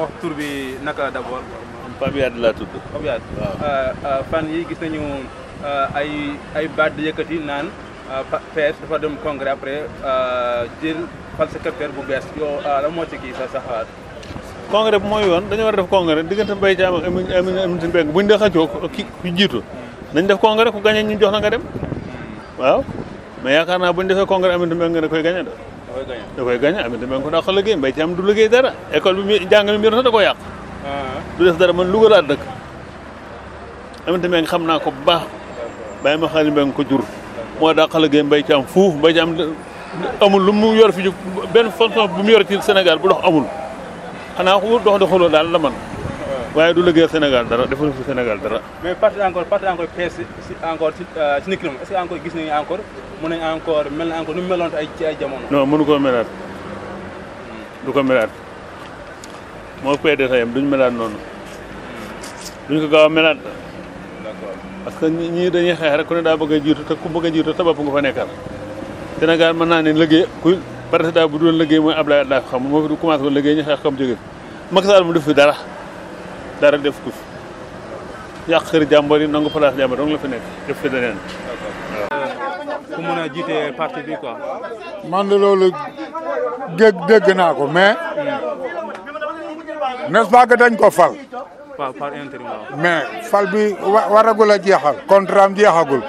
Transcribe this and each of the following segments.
wax tour bi naka d' abord pabiade la tudd pabiade waaw ah. ah, ah, fan yi gis nañu ay ay bad di yëkkati naan PS dafa dem congrès après jël falsificateur bu bees yo oh, la moo ci kii sa sa xalaat congrès bi mooy yoon dañu war a def congrès diggante mbay jaam ak amin amin amin tin beng buñ de xëccoo ki ku jiitu hmm. nañ def congrès ku gagné ñu jox la nga dem hmm. waaw mais yaakaar naa buñ defee congrès amin nga koy gagné da koy gañe amit ma ngi ko dàq liggéey mbay ci am du liggéey dara école bi mi jàng mi mi da ko yàq ah. du def dara man Louga laa amit ma xam naa ko bu baax bàyyi ma xaalis mbay ko jur moo dàq liggéey mbay ci am fuuf mbay ci amul lu mu yor fi benn fonction bu mu yor ci Sénégal bu dox amul xanaa ku dox doxuloo daal la man ah. waaye du liggéeyal Sénégal dara defal fi Sénégal dara. mais parti encore parti encore si encore si euh, si est encore gis nañu encore mu ne encore mel na encore mu meloon ay ci ay jamono. non mënu koo melaat du ko melaat moo koy dese yam duñ melaat noonu duñ ko gaaw a melaat. parce que ñii dañuy xeex rek ku daa bëgg a jiitu te ku bëgg a jiitu te bopp nga fa nekkal. Sénégal mën naa ne liggéey ku président bu du liggéey mooy Abdoulaye Wade xam moo fi du commencé ko liggéey ñu xeex comme jóge Macky Sall mu def fi dara dara def ko fi yàq kër jàmbur yi nangu place jàmbur dong la fa nekk def fi leneen. ku mën a parti bi quoi. man de loolu naa ko mais. Hmm. n'est-ce dañ ko fal. par fal bi waragul a jeexal. contrat am jeexagul.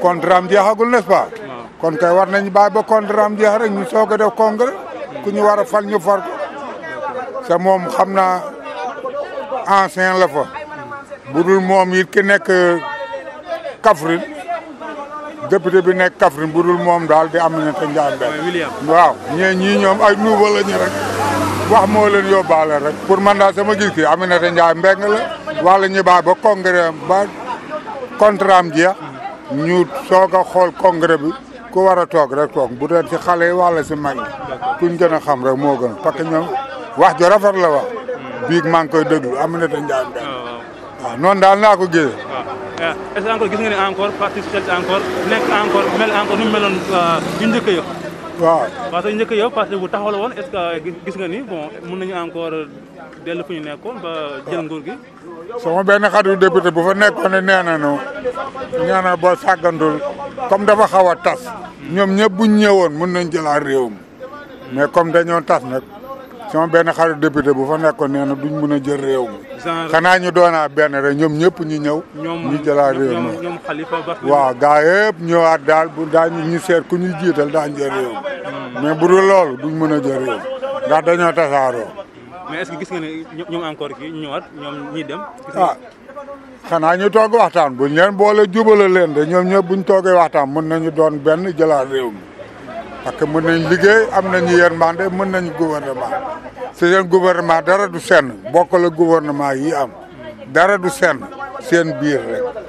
contrat am jeexagul n'est-ce pas. Hmm. kon kay war nañ ba contrat am jeex rek ñu soog def congrès. ku ñu war a fal ñu far ko. te hmm. moom xam naa ancien la fa. budul moom it ki nekk Kaffrine. député bi nekk Kaffrine bu dul moom daal di Aminata Ndiaye Mbène waaw ñee ñii ñoom ay nouveau la ñu rek wax moo leen yóbbaale rek pour man daal sama gis gi Aminata Ndiaye Mbène la wala ñu baa ba congrès ba contrat am jeex ñu soog a xool congrès bi ku war a toog rek toog bu dee ci xale yi wala si mag yi kuñ a xam rek moo gën parce que wax ju rafet la wax hmm. biig maa ngi koy déglu Aminata Ndiaye Mbène oh. daal naa ko gisee ah. Euh, est ce que encore gis nga ne encore parti socialiste encore nekk encore nu meloon yu euh, njëkk ya waaw parce que njëkk bu taxaw la woon que gis nga ni bon mun nañu encore dellu fu ñu nekkoon ba jël nguur gi sama benn xaritu député bu fa nekkoon ne nee nañu nee na boo sàggandul comme dafa xaw a tas ñoom ñëpp buñ ñëwoon mën nañ jëlaat réew mi mais comme dañoo tas na sama benn xarit député bu fa nekkoon nee na duñ mën a jël réew mi. xanaa ñu a benn rek ñoom ñëpp ñu ñëw. ñu jëlaat réew mi ñoom xalifa ba waaw gaa yëpp ñëwaat daal bu daañu ñu seet ku ñu jiital daañu jël réew hmm. mais bu dul loolu duñ mën a jël réew mi ndax dañoo tasaaroo. mais est-ce que gis nga ne ñoom encore kii ñëwaat ñoom ñiy dem. ah xanaa ñu toog waxtaan buñ leen boole jubala leen de ñoom ñëpp buñ toogee waxtaan mën nañu doon benn jëlaat réew mi parce que mën nañ liggéey am nañu yërmande mën nañu gouvernement seen gouvernement dara du senn bokk la yi am dara du senn seen biir rek